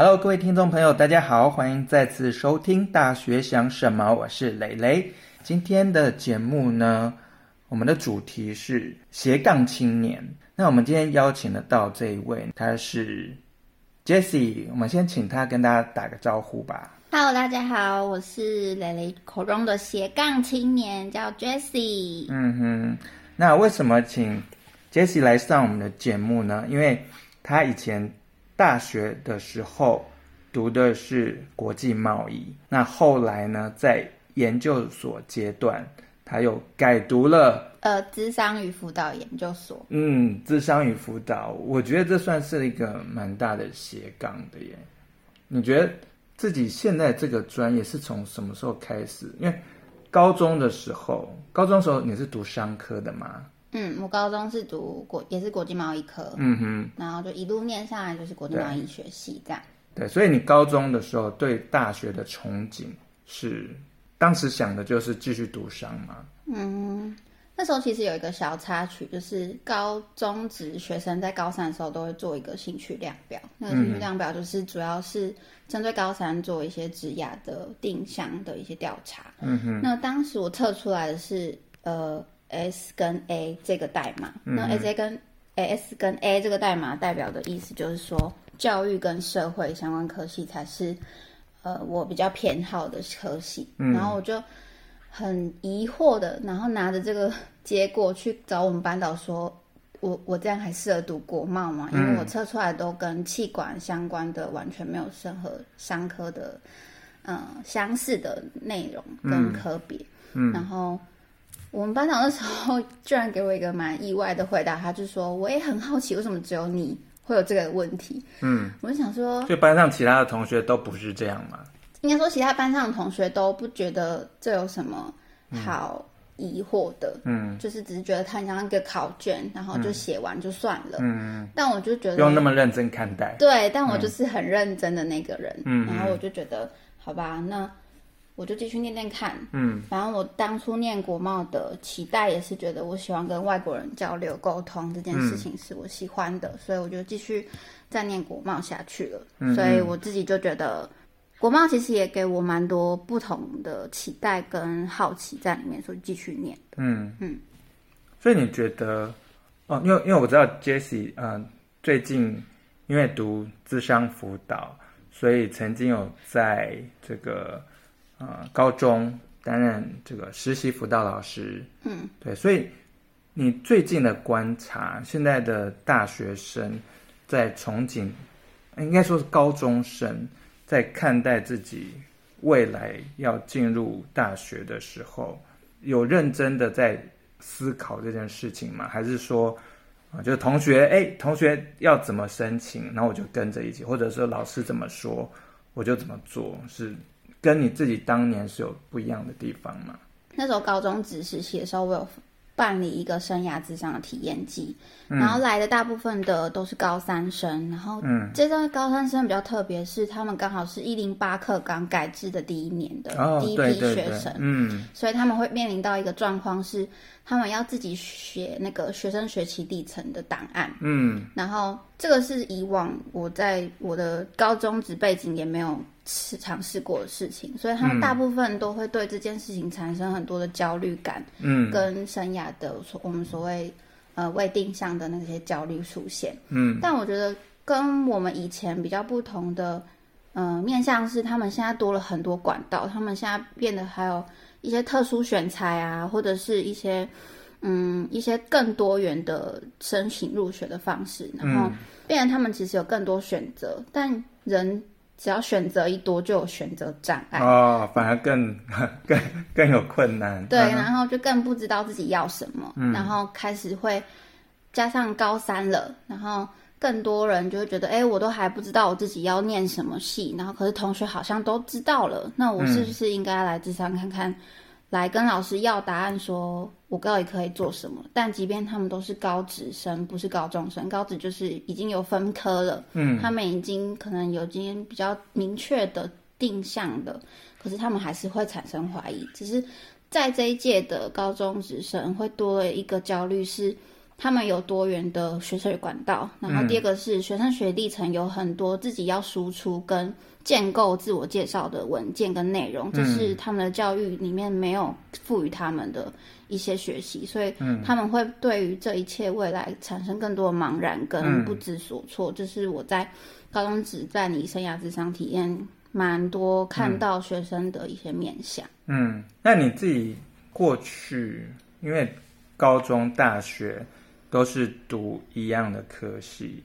Hello，各位聽眾朋友，大家好，歡迎再次收聽《大學想什麼》，我是蕾蕾。今天的節目呢，我們的主題是斜槓青年。那我們今天邀請的到這一位，她是 Jessie。我們先請她跟大家打個招呼吧。Hello，大家好，我是蕾蕾口中的斜槓青年，叫 Jessie。嗯哼，那為什麼請 Jessie 來上我們的節目呢？因為她以前，大學的時候讀的是國際貿易，那後來呢，在研究所階段，他又改讀了呃、諮商與輔導研究所。嗯，諮商與輔導，我覺得這算是一個蠻大的斜槓的耶。你覺得自己現在這個專業是從什麼時候開始？因為高中的時候，高中時候你是讀商科的嗎？嗯，我高中是讀國，也是國際貿易科。嗯哼，然後就一路念下來，就是國際貿易學系這樣對。對，所以你高中的時候對大學的憧憬是，當時想的就是繼續讀商嗎？嗯，那時候其實有一個小插曲，就是高中職學生在高三的時候都會做一個興趣量表，那個興趣量表就是主要是針對高三做一些職業的定向的一些調查。嗯哼，那當時我測出來的是，呃。S, S 跟 A 這個代碼， 嗯、 那 S 跟 A S 跟 A 這個代碼代表的意思就是說，教育跟社會相關科系才是，呃，我比較偏好的科系。嗯、然後我就很疑惑的，然後拿着這個結果去找我們班導說，我我這樣還適合讀國貿嗎？因為我測出來都跟氣管相關的，完全沒有任何商科的，嗯、呃，相似的內容跟科別。嗯嗯、然後。我們班長那時候居然給我一個蠻意外的回答他，他就說：“我也很好奇，為什麼只有你會有這個問題？”嗯，我就想說，就班上其他的同學都不是這樣嗎？應該說，其他班上的同學都不覺得這有什麼好疑惑的。嗯，就是只是覺得它很像一個考卷，然後就寫完就算了。嗯，但我就覺得不用那麼認真看待。對，但我就是很認真的那個人。嗯，然後我就覺得，嗯、好吧，那。我就繼續念念看，嗯，然後我當初念國貿的期待也是覺得我喜歡跟外國人交流溝通這件事情是我喜歡的，嗯、所以我就繼續再念國貿下去了。嗯、所以我自己就覺得國貿其實也給我蠻多不同的期待跟好奇在裡面，所以繼續念。嗯嗯，嗯，所以你覺得，哦，因為因為我知道 Jessie，嗯、呃，最近因為讀諮商輔導，所以曾經有在這個。呃，高中擔任這個實習輔導老師，嗯，對，所以你最近的觀察，現在的大學生在憧憬，應該說是高中生在看待自己未來要進入大學的時候，有認真的在思考這件事情嗎？還是說，啊、呃，就是同學，哎，同學要怎麼申請，然後我就跟着一起，或者是老師怎麼說，我就怎麼做，是？跟你自己當年是有不一樣的地方嗎？那時候高中職實習的時候，我有辦理一個生涯志向的體驗計，嗯、然後來的大部分的都是高三生，然後嗯，這段高三生比較特別，是他們剛好是一零八課綱改制的第一年的第一批學生，嗯，所以他們會面臨到一個狀況是，他們要自己寫那個學生學習歷程的檔案，嗯，然後這個是以往我在我的高中職背景也沒有嘗試過的事情，所以他們大部分都會對這件事情產生很多的焦慮感，嗯，跟生涯的所我們所謂呃未定向的那些焦慮出現，嗯，但我覺得跟我們以前比較不同的，嗯、呃，面向是他們現在多了很多管道，他們現在變得還有。一些特殊選才啊，或者是一些，嗯，一些更多元的申請入學的方式，然後，嗯、變成他們其實有更多選擇，但人只要選擇一多，就有選擇障礙。哦，反而更更更有困難。對，嗯、然後就更不知道自己要什麼，嗯、然後開始會加上高三了，然後。更多人就會覺得，哎、欸，我都還不知道我自己要念什麼系，然後可是同學好像都知道了，那我是不是應該來諮商看看？嗯、來跟老師要答案，說我到底可以做什麼？但即便他們都是高職生，不是高中生，高職就是已經有分科了，嗯，他們已經可能有今天比較明確的定向的。可是他們還是會產生懷疑，只是在這一屆的高中職生會多了一個焦慮是。他們有多元的學生管道，然後第二個是、嗯、學生學歷程有很多自己要輸出跟建構自我介紹的文件跟內容，這、嗯、是他們的教育裡面沒有賦予他們的一些學習，所以他們會對於這一切未來產生更多的茫然跟不知所措。這、嗯、是我在高中職在你生涯諮商體驗蠻多看到學生的一些面向。嗯，那你自己過去因為高中大學。都是讀一樣的科系，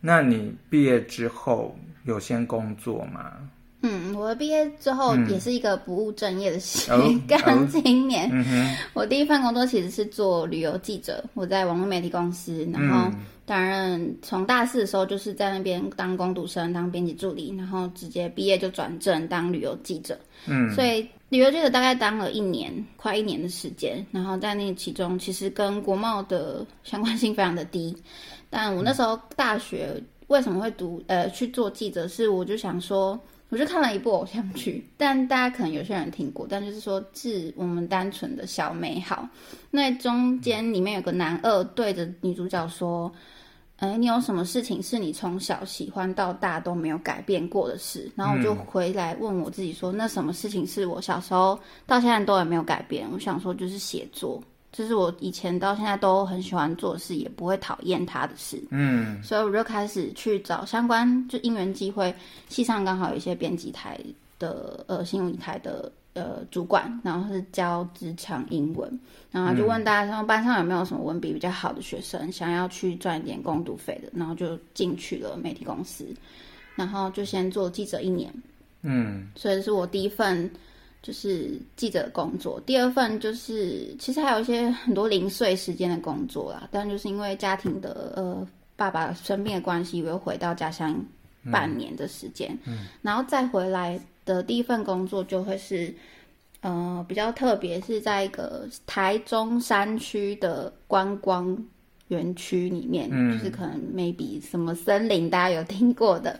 那你畢業之後有先工作嗎？嗯，我畢業之後也是一個不務正業的斜槓青、哦、年。哦嗯、我第一份工作其實是做旅遊記者，我在網絡媒體公司，嗯、然後。反正從大四的時候就是在那邊當工讀生、當編輯助理，然後直接畢業就轉正當旅遊記者。嗯，所以旅遊記者大概當了一年，快一年的時間。然後在那其中，其實跟國貿的相關性非常的低。但我那時候大學為什麼會讀呃去做記者，是我就想說，我就看了一部偶像劇，但大家可能有些人聽過，但就是說致我們單純的小美好。那中間裡面有個男二對着女主角說。哎，你有什麼事情是你從小喜歡到大都沒有改變過的事？然後我就回來問我自己說，嗯、那什麼事情是我小時候到現在都還沒有改變？我想說就是寫作，這、就是我以前到現在都很喜歡做的事，也不會討厭他的事。嗯，所以我就開始去找相關，就因緣際會，系上剛好有一些編輯台的，呃，新聞台的。呃，主管，然後是教職場英文，然後就問大家說，班上有沒有什麼文筆比較好的學生，嗯、想要去賺一點工讀費的，然後就進去了媒體公司，然後就先做記者一年，嗯，所以是我第一份就是記者的工作。第二份就是其實還有一些很多零碎時間的工作啦，但就是因為家庭的呃爸爸生病的關係，我又回到家鄉半年的時間，嗯，嗯然後再回來。的第一份工作就會是，呃，比較特別是在一個台中山區的觀光園區裡面，嗯、就是可能 maybe 什麼森林，大家有聽過的，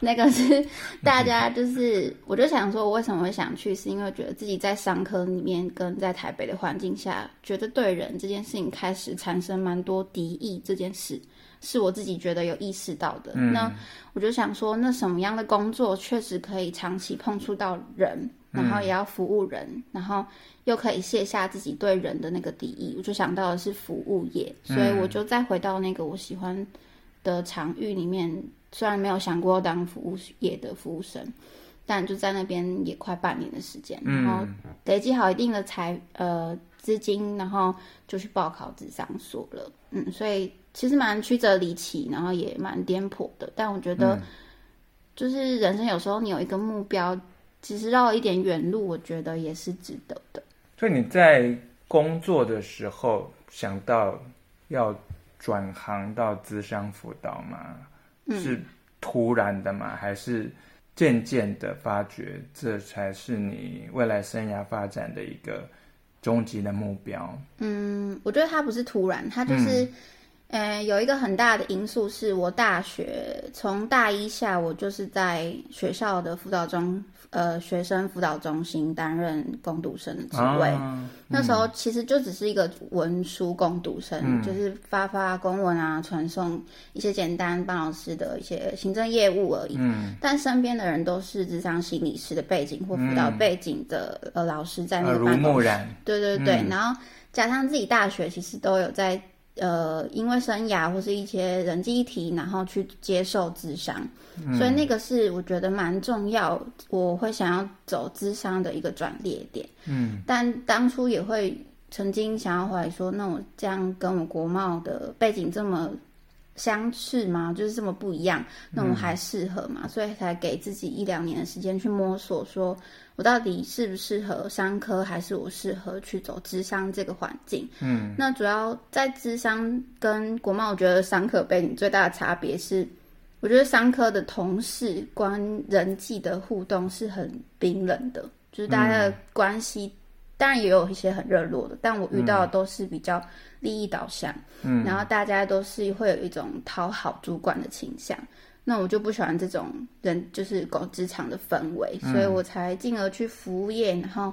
那個是大家就是，我就想說，我為什麼會想去，是因為覺得自己在商科裡面跟在台北的環境下，覺得對人這件事情開始產生蠻多敵意這件事。是我自己覺得有意識到的，嗯、那我就想說，那什麼樣的工作確實可以長期碰觸到人，嗯、然後也要服務人，然後又可以卸下自己對人的那個敵意，我就想到的是服務業，嗯、所以我就再回到那個我喜歡的場域裡面。雖然沒有想過要當服務業的服務生，但就在那邊也快半年的時間，嗯、然後累積好一定的財呃資金，然後就去報考諮商所了。嗯，所以。其實蠻曲折離奇，然後也蠻顛簸的。但我覺得，就是人生有時候你有一個目標，嗯、其實繞了一點遠路，我覺得也是值得的。所以你在工作的時候想到要轉行到諮商輔導嗎？嗯、是突然的嗎？還是漸漸的發覺這才是你未來生涯發展的一個終極的目標？嗯，我覺得它不是突然，它就是、嗯。嗯，有一個很大的因素是我大學從大一下，我就是在學校的輔導中，呃，學生輔導中心擔任工讀生的職位。哦嗯、那時候其實就只是一個文書工讀生，嗯、就是發發公文啊，傳送一些簡單幫老師的一些行政業務而已。嗯、但身邊的人都是諮商心理師的背景或輔導背景的呃、嗯、老師在那個辦公室。呃、對對對，嗯、然後加上自己大學其實都有在。呃，因為生涯或是一些人際議題，然後去接受諮商，嗯、所以那個是我覺得蠻重要，我會想要走諮商的一個轉捩點，嗯，但當初也會曾經想要回來說，那我這樣跟我國貿的背景這麼。相似嗎？就是這麼不一樣，那我們還適合嗎？嗯、所以才給自己一兩年的時間去摸索，說我到底適不適合商科，還是我適合去走諮商這個環境？嗯，那主要在諮商跟國貿，我覺得商科背景最大的差別是，我覺得商科的同事關人際的互動是很冰冷的，就是大家的關係。當然也有一些很熱絡的，但我遇到的都是比較利益導向，嗯，然後大家都是會有一種討好主管的傾向，那我就不喜歡這種人，就是搞職場的氛圍，嗯，所以我才進而去服務業，然後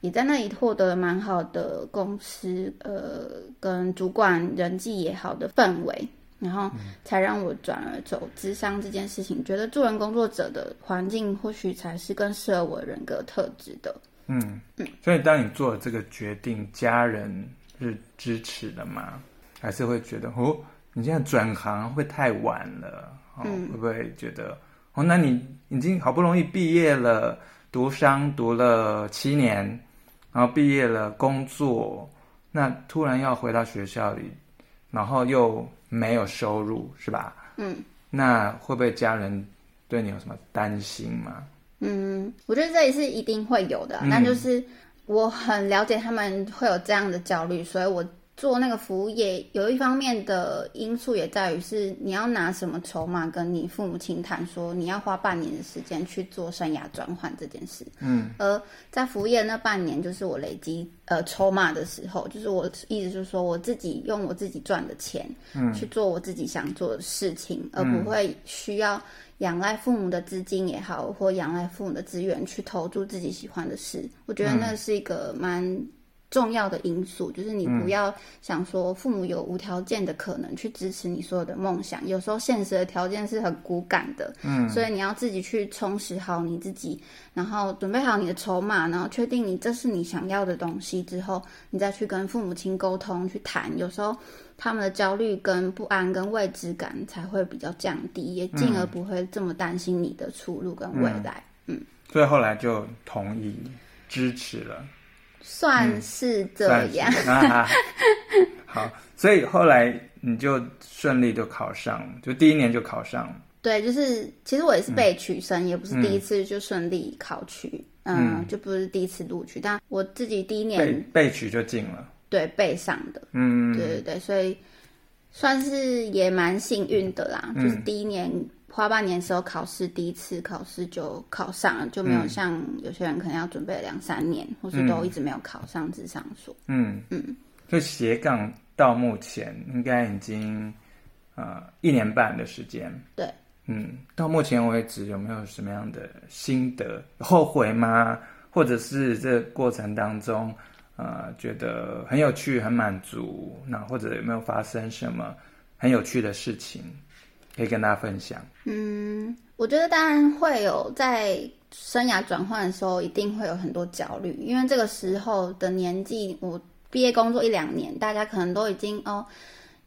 也在那裡獲得了蠻好的公司，呃，跟主管人際也好的氛圍，然後才讓我轉而走諮商這件事情。覺得助人工作者的環境或許才是更適合我人格特質的。嗯，所以當你做了這個決定，家人是支持的嗎？還是會覺得哦，你現在轉行會太晚了？哦，嗯、會不會覺得哦，那你已經好不容易畢業了，讀商讀了七年，然後畢業了工作，那突然要回到學校裡，然後又沒有收入，是吧？嗯，那會不會家人對你有什麼擔心嗎？嗯，我覺得這也是一定會有的。那、嗯、就是我很了解他們會有這樣的焦慮，所以我。做那個服務業有一方面的因素也在於是你要拿什麼籌碼跟你父母親談說，你要花半年的時間去做生涯轉換這件事。嗯，而在服務業那半年就是我累積呃籌碼的時候，就是我的意思就是說我自己用我自己賺的錢去做我自己想做的事情，嗯、而不會需要仰賴父母的資金也好，或仰賴父母的資源去投注自己喜歡的事。我覺得那是一個蠻。重要的因素，就是你不要想說父母有無條件的可能去支持你所有的夢想，嗯、有時候現實的條件是很骨感的，嗯，所以你要自己去充實好你自己，然後準備好你的籌碼，然後確定你這是你想要的東西之後，你再去跟父母親溝通去談，有時候他們的焦慮、跟不安、跟未知感才會比較降低，也進而不會這麼擔心你的出路跟未來，嗯，所以、嗯、後來就同意支持了。算是這樣，嗯，啊啊 好，所以後來你就順利就考上了，就第一年就考上了。對，就是其實我也是備取生，嗯、也不是第一次就順利考取，嗯，嗯，就不是第一次錄取，但我自己第一年備備取就進了，對，備上的，嗯，對對對，所以算是也蠻幸運的啦，嗯、就是第一年。花半年的時候考試，第一次考試就考上了，就沒有像有些人可能要準備兩三年，嗯、或是都一直沒有考上諮商所。嗯嗯，嗯就斜槓到目前應該已經，呃，一年半的時間。對。嗯，到目前為止有沒有什麼樣的心得？後悔嗎？或者是這個過程當中，呃，覺得很有趣，很滿足？那或者有沒有發生什麼很有趣的事情？可以跟大家分享。嗯，我覺得當然會有，在生涯轉換的時候，一定會有很多焦慮，因為這個時候的年紀，我畢業工作一兩年，大家可能都已經哦。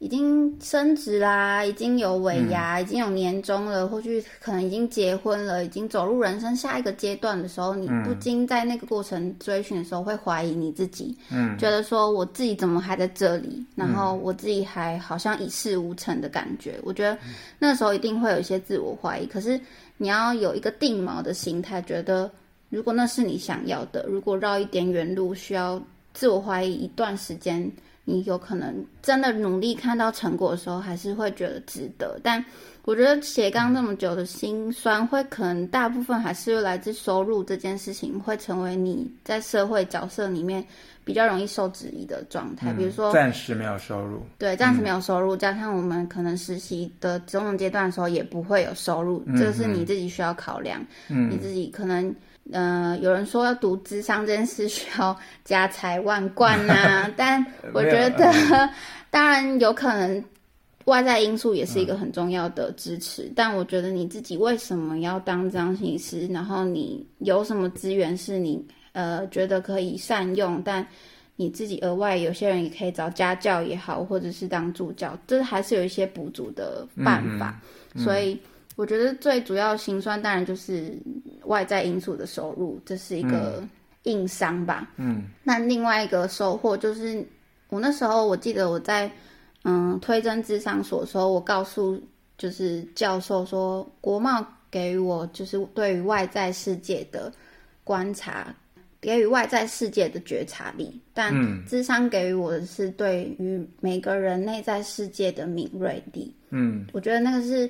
已經升職啦、啊，已經有尾牙、啊，嗯、已經有年終了，或許可能已經結婚了，已經走入人生下一個階段的時候，你不禁在那個過程追尋的時候，嗯、會懷疑你自己，嗯、覺得說我自己怎麼還在這裡，然後我自己還好像一事無成的感覺，嗯、我覺得那時候一定會有一些自我懷疑。可是你要有一個定錨的心態，覺得如果那是你想要的，如果繞一點遠路，需要自我懷疑一段時間。你有可能真的努力看到成果的時候，還是會覺得值得。但我覺得斜槓這麼久的心酸，會可能大部分還是來自收入這件事情，會成為你在社會角色裡面比較容易受質疑的狀態。比如說，嗯、暫時沒有收入。對，暫時沒有收入，嗯、加上我們可能實習的種種階段的時候也不會有收入，嗯、哼這個是你自己需要考量，嗯、你自己可能。嗯、呃，有人說要讀諮商這件事需要家財萬貫吶、啊， 但我覺得，當然有可能，外在因素也是一個很重要的支持。嗯、但我覺得你自己為什麼要當諮商師？然後你有什麼資源是你呃覺得可以善用？但你自己額外有些人也可以找家教也好，或者是當助教，這還是有一些補足的辦法。嗯嗯所以。嗯我覺得最主要心酸，當然就是外在因素的收入，這是一個硬傷吧。嗯，那另外一個收穫就是，我那時候我記得我在嗯推甄諮商所的時候，我告訴就是教授說，國貿給予我就是對於外在世界的觀察，給予外在世界的覺察力，但諮商給予我的是對於每個人內在世界的敏銳力。嗯，我覺得那個是。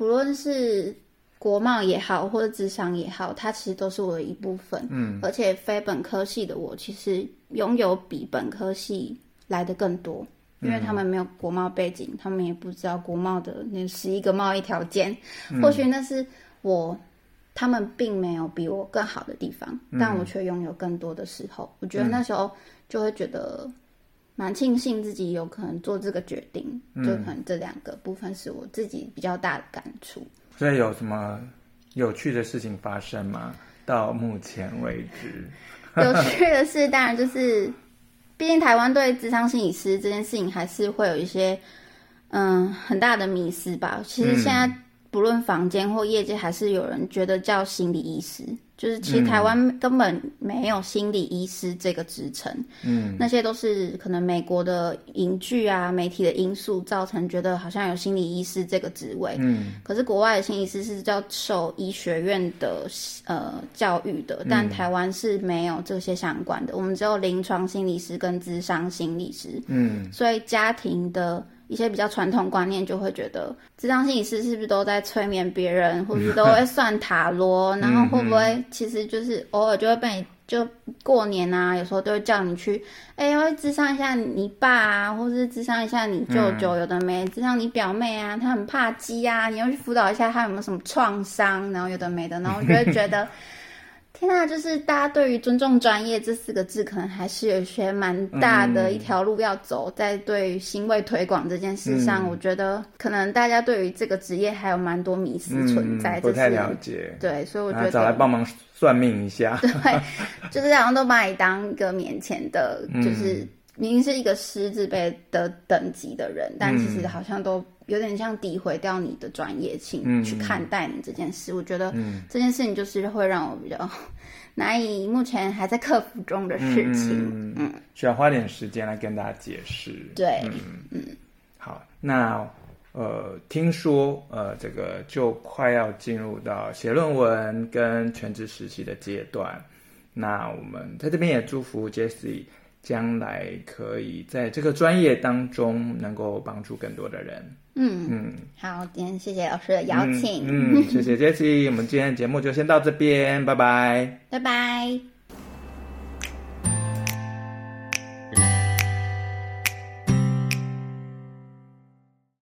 不論是國貿也好，或者職場也好，它其實都是我的一部分。嗯，而且非本科系的我，其實擁有比本科系來得更多，因為他們沒有國貿背景，嗯、他們也不知道國貿的那十一個貿易條件。嗯、或許那是我，他們並沒有比我更好的地方，但我卻擁有更多的時候。我覺得那時候就會覺得。蠻慶幸自己有可能做這個決定，嗯、就可能這兩個部分是我自己比較大的感觸。所以有什麼有趣的事情發生嗎？到目前為止， 有趣的事當然就是，畢竟台灣對諮商心理師這件事情還是會有一些嗯，很大的迷思吧。其實現在。嗯不論房間或業界，還是有人覺得叫心理醫師，就是其實台灣根本沒有心理醫師這個職稱、嗯。嗯，那些都是可能美國的影劇啊、媒體的因素造成，覺得好像有心理醫師這個職位。嗯，可是國外的心理師是叫受醫學院的呃教育的，但台灣是沒有這些相關的，我們只有臨床心理師跟諮商心理師。嗯，所以家庭的。一些比較傳統觀念就會覺得，諮商心理師是不是都在催眠別人，或是都會算塔羅？嗯、哼然後會不會其實就是偶爾就會被你就過年啊，有時候都會叫你去，哎、欸，要諮商一下你爸啊，或是諮商一下你舅舅，有的沒諮、嗯、商你表妹啊，她很怕雞啊，你要去輔導一下她有沒有什麼創傷，然後有的沒的，然後就會覺得。 天啊，就是大家對於尊重專業這四個字，可能還是有些蠻大的一條路要走，嗯、在對心衛推廣這件事上，嗯、我覺得可能大家對於這個職業還有蠻多迷思存在，嗯、不太了解。對，所以我覺得找來幫忙算命一下，對， 就是好像都把你當一個免錢的，就是。嗯明明是一個碩士輩的等級的人，但其實好像都有點像詆毀掉你的專業性，嗯、去看待你這件事。嗯、我覺得這件事情就是會讓我比較難以，目前還在克服中的事情。嗯，嗯需要花點時間來跟大家解釋。對，嗯嗯，嗯好，那呃，聽說呃，這個就快要進入到寫論文跟全職實習的階段。那我們在這邊也祝福 Jessie。將來可以在這個專業當中能夠幫助更多的人。嗯嗯，嗯好，今天謝謝老師的邀請，嗯，嗯，謝謝 Jessie， 我們今天的節目就先到這邊，拜拜，拜拜。